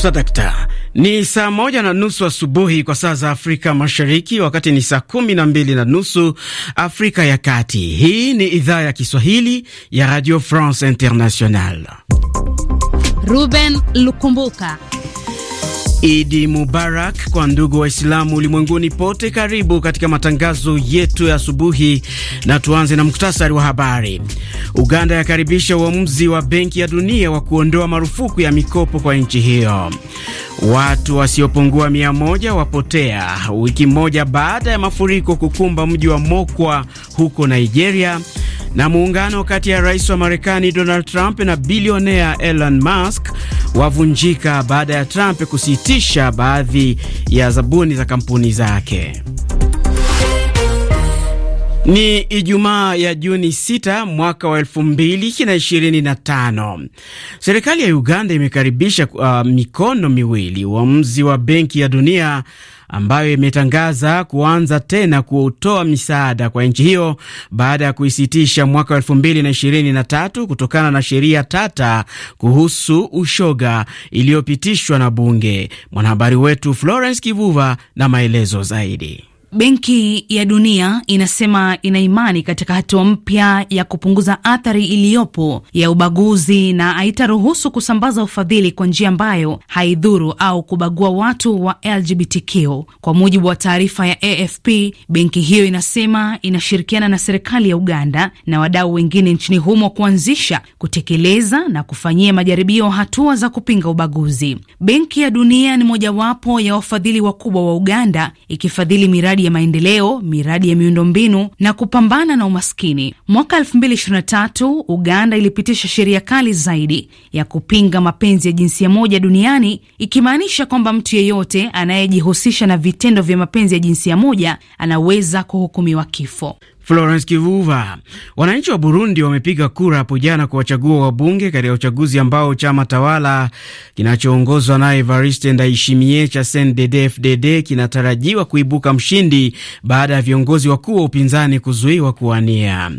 Swadakta. Ni saa moja na nusu asubuhi kwa saa za Afrika Mashariki, wakati ni saa kumi na mbili na nusu Afrika ya Kati. Hii ni idhaa ya Kiswahili ya Radio France International. Ruben Lukumbuka Idi Mubarak kwa ndugu Waislamu ulimwenguni pote. Karibu katika matangazo yetu ya asubuhi, na tuanze na muktasari wa habari. Uganda yakaribisha uamuzi wa Benki ya Dunia wa kuondoa marufuku ya mikopo kwa nchi hiyo. Watu wasiopungua mia moja wapotea wiki moja baada ya mafuriko kukumba mji wa Mokwa huko Nigeria. Na muungano kati ya rais wa Marekani Donald Trump na bilionea Elon Musk wavunjika baada ya Trump kusitisha baadhi ya zabuni za kampuni zake. Ni Ijumaa ya Juni 6 mwaka wa 2025. Serikali ya Uganda imekaribisha uh, mikono miwili uamuzi wa Benki ya Dunia ambayo imetangaza kuanza tena kutoa misaada kwa nchi hiyo baada ya kuisitisha mwaka wa 2023 kutokana na sheria tata kuhusu ushoga iliyopitishwa na bunge. Mwanahabari wetu Florence Kivuva na maelezo zaidi. Benki ya Dunia inasema ina imani katika hatua mpya ya kupunguza athari iliyopo ya ubaguzi na haitaruhusu kusambaza ufadhili kwa njia ambayo haidhuru au kubagua watu wa LGBTQ. Kwa mujibu wa taarifa ya AFP, benki hiyo inasema inashirikiana na serikali ya Uganda na wadau wengine nchini humo kuanzisha, kutekeleza na kufanyia majaribio hatua za kupinga ubaguzi. Benki ya Dunia ni mojawapo ya wafadhili wakubwa wa Uganda, ikifadhili miradi miradi ya maendeleo, miradi ya miundombinu na kupambana na umaskini. Mwaka 2023 Uganda ilipitisha sheria kali zaidi ya kupinga mapenzi ya jinsia moja duniani, ikimaanisha kwamba mtu yeyote anayejihusisha na vitendo vya mapenzi ya jinsia moja anaweza kuhukumiwa kifo. Florence Kivuva. Wananchi wa Burundi wamepiga kura hapo jana kuwachagua wabunge katika uchaguzi ambao chama tawala kinachoongozwa na Evariste Ndayishimiye cha CNDD-FDD kinatarajiwa kuibuka mshindi baada ya viongozi wakuu wa upinzani kuzuiwa kuwania.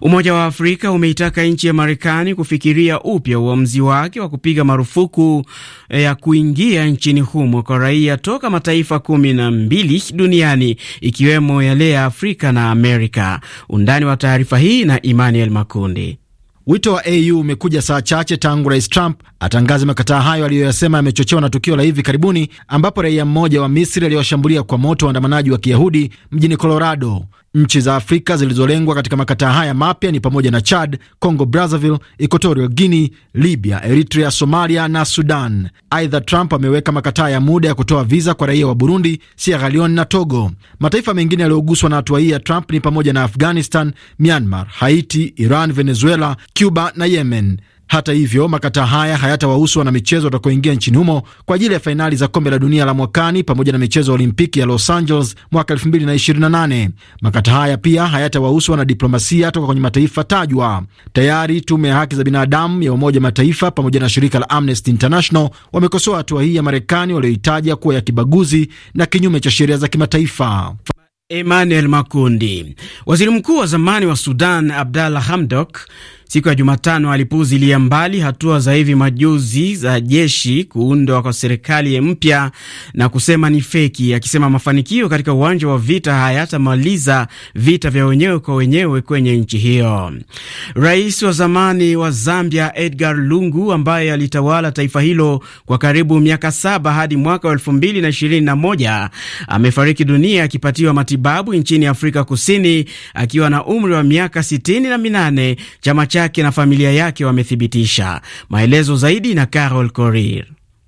Umoja wa Afrika umeitaka nchi ya Marekani kufikiria upya uamuzi wake wa kupiga marufuku eh, ya kuingia nchini humo kwa raia toka mataifa kumi na mbili duniani ikiwemo yale ya Afrika na Amerika. Undani wa taarifa hii na Emmanuel Makundi. Wito wa AU umekuja saa chache tangu rais Trump atangaze makataa hayo aliyoyasema yamechochewa na tukio la hivi karibuni ambapo raia mmoja wa Misri aliyowashambulia kwa moto waandamanaji wa Kiyahudi mjini Colorado. Nchi za Afrika zilizolengwa katika makataa haya mapya ni pamoja na Chad, Congo Brazzaville, Equatorial Guinea, Libya, Eritrea, Somalia na Sudan. Aidha, Trump ameweka makataa ya muda ya kutoa viza kwa raia wa Burundi, Sierra Leone na Togo. Mataifa mengine yaliyoguswa na hatua hii ya Trump ni pamoja na Afghanistan, Myanmar, Haiti, Iran, Venezuela, Cuba na Yemen. Hata hivyo, makataa haya hayatawahusu michezo watakaoingia nchini humo kwa ajili ya fainali za kombe la dunia la mwakani pamoja na michezo ya Olimpiki ya Los Angeles mwaka 2028. Makata haya pia hayatawahusu diplomasia toka kwenye mataifa tajwa. Tayari tume ya haki za binadamu ya Umoja Mataifa pamoja na shirika la Amnesty International wamekosoa hatua hii ya Marekani walioitaja kuwa ya kibaguzi na kinyume cha sheria za kimataifa. Emmanuel Makundi. Waziri mkuu wa zamani wa Sudan Abdalla Hamdok Siku ya Jumatano alipuuzilia mbali hatua za hivi majuzi za jeshi kuundwa kwa serikali mpya na kusema ni feki, akisema mafanikio katika uwanja wa vita hayatamaliza vita vya wenyewe kwa wenyewe kwenye nchi hiyo. Rais wa zamani wa Zambia Edgar Lungu ambaye alitawala taifa hilo kwa karibu miaka saba hadi mwaka wa elfu mbili na ishirini na moja amefariki dunia akipatiwa matibabu nchini Afrika Kusini akiwa na umri wa miaka sitini na minane. Chama cha yake na familia yake wamethibitisha. Maelezo zaidi na Carol Korir.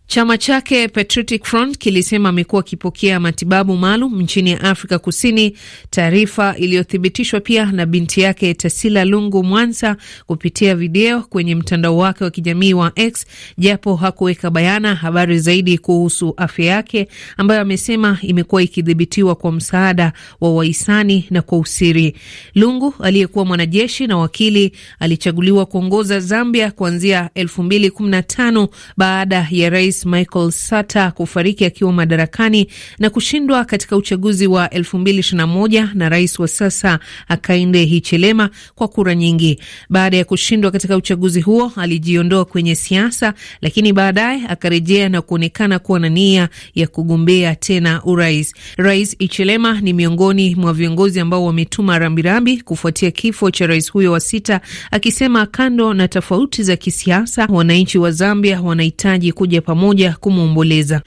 Chama chake Patriotic Front kilisema amekuwa akipokea matibabu maalum nchini Afrika Kusini, taarifa iliyothibitishwa pia na binti yake Tasila Lungu Mwansa kupitia video kwenye mtandao wake wa kijamii wa X, japo hakuweka bayana habari zaidi kuhusu afya yake, ambayo amesema imekuwa ikidhibitiwa kwa msaada wa wahisani na kwa usiri. Lungu aliyekuwa mwanajeshi na wakili alichaguliwa kuongoza Zambia kuanzia 2015 baada ya rais rais Michael Sata kufariki akiwa madarakani na kushindwa katika uchaguzi wa 2021 na rais wa sasa Akainde Hichilema kwa kura nyingi. Baada ya kushindwa katika uchaguzi huo, alijiondoa kwenye siasa, lakini baadaye akarejea na kuonekana kuwa na nia ya kugombea tena urais. Rais Hichilema ni miongoni mwa viongozi ambao wametuma rambirambi kufuatia kifo cha rais huyo wa sita, akisema kando na tofauti za kisiasa, wananchi wa Zambia wanahitaji kuja pamoja pamoja kumwomboleza.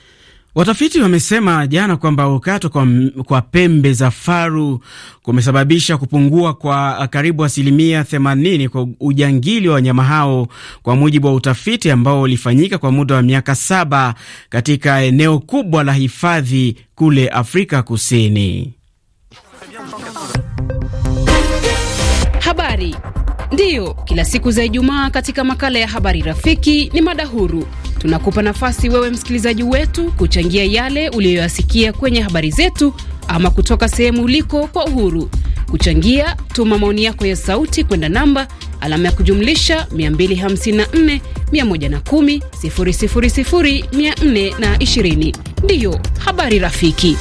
Watafiti wamesema jana kwamba ukato kwa, kwa pembe za faru kumesababisha kupungua kwa karibu asilimia 80 kwa ujangili wa wanyama hao, kwa mujibu wa utafiti ambao ulifanyika kwa muda wa miaka saba katika eneo kubwa la hifadhi kule Afrika Kusini. Habari ndiyo kila siku za Ijumaa katika makala ya habari rafiki ni mada huru Tunakupa nafasi wewe msikilizaji wetu kuchangia yale uliyoyasikia kwenye habari zetu ama kutoka sehemu uliko kwa uhuru. Kuchangia, tuma maoni yako ya sauti kwenda namba alama ya kujumlisha 254 110 000 420. Ndiyo habari rafiki.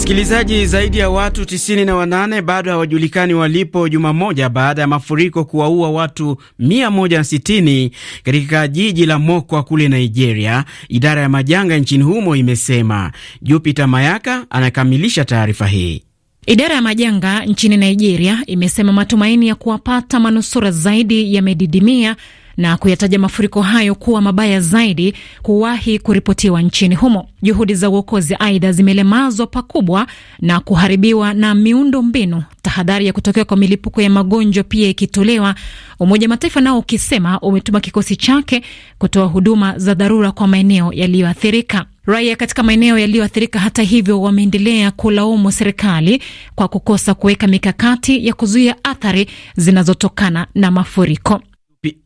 Msikilizaji, zaidi ya watu 98 bado hawajulikani walipo juma moja baada ya mafuriko kuwaua watu 160 katika jiji la Mokwa kule Nigeria, idara ya majanga nchini humo imesema. Jupiter Mayaka anakamilisha taarifa hii. Idara ya majanga nchini Nigeria imesema matumaini ya kuwapata manusura zaidi yamedidimia na kuyataja mafuriko hayo kuwa mabaya zaidi kuwahi kuripotiwa nchini humo. Juhudi za uokozi aidha zimelemazwa pakubwa na kuharibiwa na miundo mbinu, tahadhari ya kutokea kwa milipuko ya magonjwa pia ikitolewa, Umoja wa Mataifa nao ukisema umetuma kikosi chake kutoa huduma za dharura kwa maeneo yaliyoathirika. Raia katika maeneo yaliyoathirika, hata hivyo, wameendelea kulaumu serikali kwa kukosa kuweka mikakati ya kuzuia athari zinazotokana na mafuriko.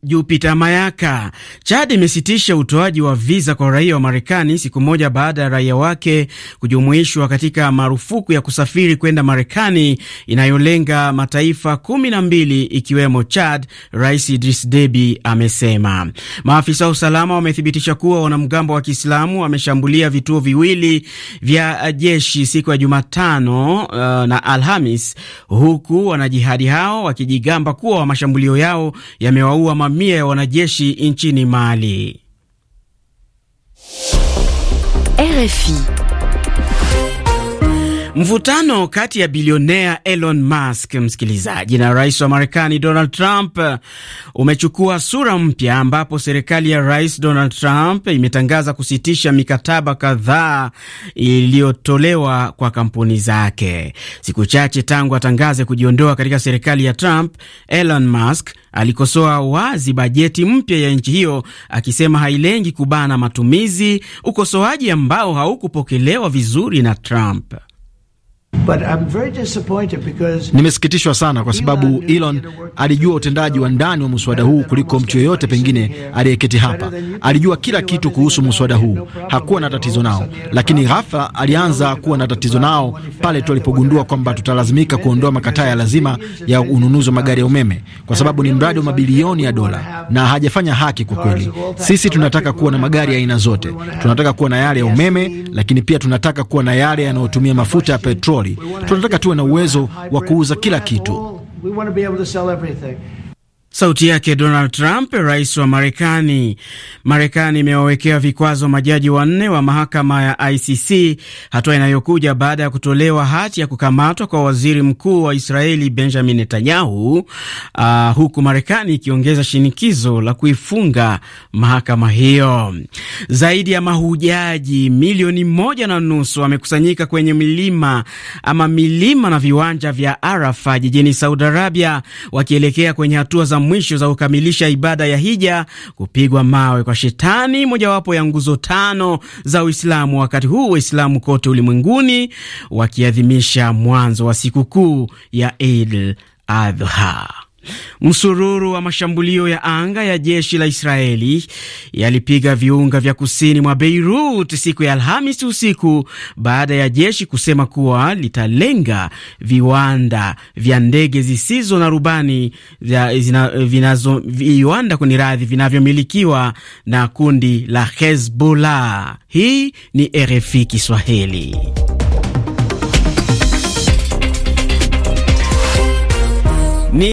Jupita Mayaka. Chad imesitisha utoaji wa viza kwa raia wa Marekani siku moja baada ya raia wake kujumuishwa katika marufuku ya kusafiri kwenda Marekani inayolenga mataifa kumi na mbili ikiwemo Chad. Rais Idris Deby amesema. Maafisa wa usalama wamethibitisha kuwa wanamgambo wa Kiislamu wameshambulia vituo viwili vya jeshi siku ya Jumatano uh, na Alhamis, huku wanajihadi hao wakijigamba kuwa mashambulio yao yamewaua kuwaua mamia ya wanajeshi nchini Mali. RFI Mvutano kati ya bilionea Elon Musk msikilizaji, na rais wa Marekani Donald Trump uh, umechukua sura mpya, ambapo serikali ya rais Donald Trump imetangaza kusitisha mikataba kadhaa iliyotolewa kwa kampuni zake. Siku chache tangu atangaze kujiondoa katika serikali ya Trump, Elon Musk alikosoa wazi bajeti mpya ya nchi hiyo, akisema hailengi kubana matumizi, ukosoaji ambao haukupokelewa vizuri na Trump. Nimesikitishwa sana kwa sababu Elon alijua utendaji wa ndani wa mswada huu kuliko mtu yeyote pengine aliyeketi hapa. Alijua kila kitu kuhusu mswada huu, hakuwa na tatizo nao, lakini ghafla alianza kuwa na tatizo nao pale tu alipogundua kwamba tutalazimika kuondoa makataa ya lazima ya ununuzi wa magari ya umeme, kwa sababu ni mradi wa mabilioni ya dola na hajafanya haki kwa kweli. Sisi tunataka kuwa na magari ya aina zote, tunataka kuwa na yale ya umeme, lakini pia tunataka kuwa na yale yanayotumia mafuta ya petroli sokoni. Tunataka tuwe na uwezo wa kuuza kila kitu. Sauti yake Donald Trump, rais wa Marekani. Marekani imewawekea vikwazo majaji wanne wa mahakama ya ICC, hatua inayokuja baada ya kutolewa hati ya kukamatwa kwa waziri mkuu wa Israeli Benjamin Netanyahu, uh, huku Marekani ikiongeza shinikizo la kuifunga mahakama hiyo. Zaidi ya mahujaji milioni moja na nusu wamekusanyika kwenye milima ama milima na viwanja vya Arafa jijini Saudi Arabia wakielekea kwenye hatua za mwisho za kukamilisha ibada ya hija, kupigwa mawe kwa shetani, mojawapo ya nguzo tano za Uislamu, wakati huu Waislamu kote ulimwenguni wakiadhimisha mwanzo wa sikukuu ya Eid adha Msururu wa mashambulio ya anga ya jeshi la Israeli yalipiga viunga vya kusini mwa Beirut siku ya Alhamis usiku baada ya jeshi kusema kuwa litalenga viwanda vya ndege zisizo na rubani viwanda kwenye radhi vinavyomilikiwa na kundi la Hezbollah. Hii ni RFI Kiswahili.